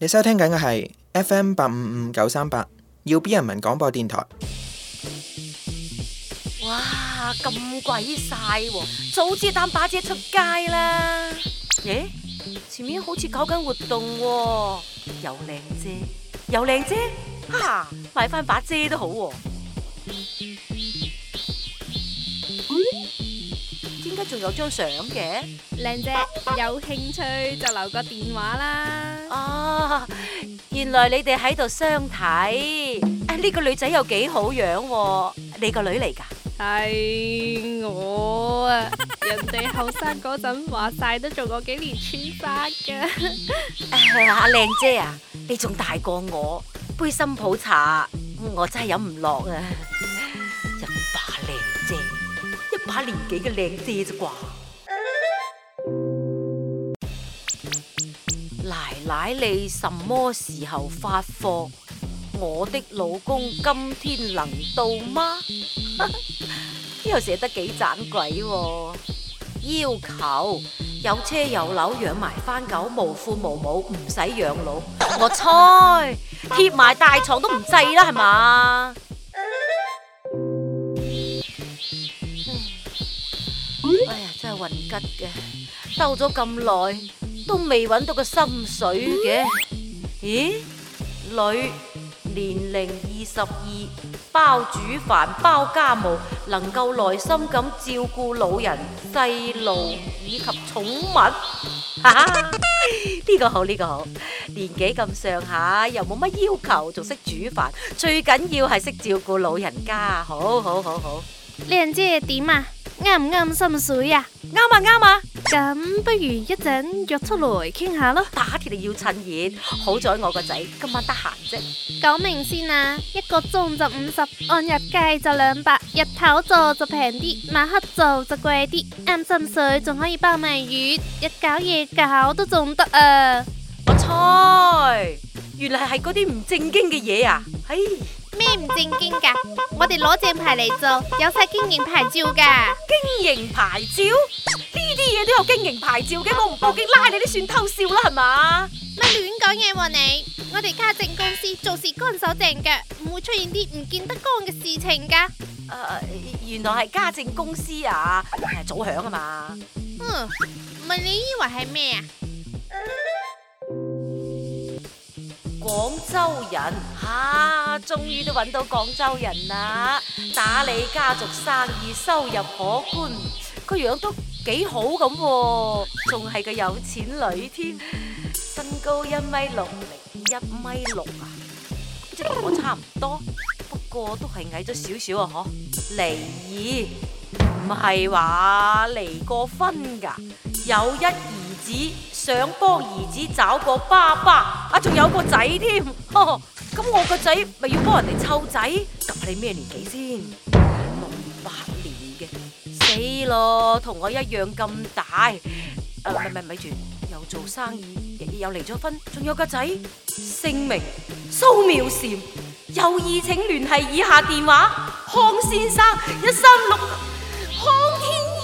你收聽緊嘅係 FM 八五五九三八要 B 人民廣播電台。哇，咁鬼曬喎！早知擔把遮出街啦。咦、欸，前面好似搞緊活動喎。啊，又靚遮，又靚遮，哈，哈，買翻把遮都好喎，啊。嗯而家仲有張相嘅，靚姐有興趣就留個電話啦。哦，原來你哋喺度相睇，呢個女仔又幾好樣，你個女嚟噶？係我啊，人哋後生嗰陣話晒都做過幾年村巴噶。阿靚姐啊，你仲大過我，杯新抱茶我真係飲唔落啊！把年紀嘅靚姐啫啩，奶奶你什麼時候發貨？我的老公今天能到嗎？呢度寫得幾盞鬼喎？要求有車有樓，養埋番狗，無父無母，唔使養老。我猜貼埋大床都唔制啦，係嘛？哎呀，真係運吉嘅，兜咗咁耐都未揾到個心水嘅。咦，女年齡二十二，包煮飯包家務，能夠耐心咁照顧老人、細路以及寵物。吓，呢個好呢個好，年紀咁上下又冇乜要求，仲識煮飯，最緊要係識照顧老人家。好好好好，靚姐點啊？啱唔啱心水啊？啱啊啱啊，咁不如一陣約出來傾下咯。打鐵你要趁熱，好彩我個仔今晚得閒啫。講明先啊，一個鐘就五十，按日計就兩百，日頭做就平啲，晚黑做就貴啲。啱心水，仲可以包埋魚，日搞夜搞都仲得啊！我猜，原來係嗰啲唔正經嘅嘢啊！嘿。咩唔正經噶？我哋攞正牌嚟做，有晒經營牌照噶。經營牌照，呢啲嘢都有經營牌照嘅。我唔報警拉你都算偷笑啦，係嘛？咪亂講嘢喎你？我哋家政公司做事乾手淨腳，唔會出現啲唔見得光嘅事情噶。呃，原來係家政公司啊，早響啊嘛。嗯，唔係你以為係咩啊？廣州人吓，啊，終於都揾到廣州人啦！打理家族生意，收入可觀，個樣都幾好咁，仲係個有錢女添。身高一米六零，一米六啊，即係同我差唔多，不過都係矮咗少少啊！嗬，離異，唔係話離過婚㗎，有一兒子。想幫兒子找個爸爸，啊，仲有個仔添，咁我個仔咪要幫人哋湊仔？咁你咩年紀先？六八年嘅，死咯，同我一樣咁大。誒，咪咪咪住，又做生意，又離咗婚，仲有個仔，姓名蘇妙嬋，有意請聯繫以下電話，康先生一三六康天。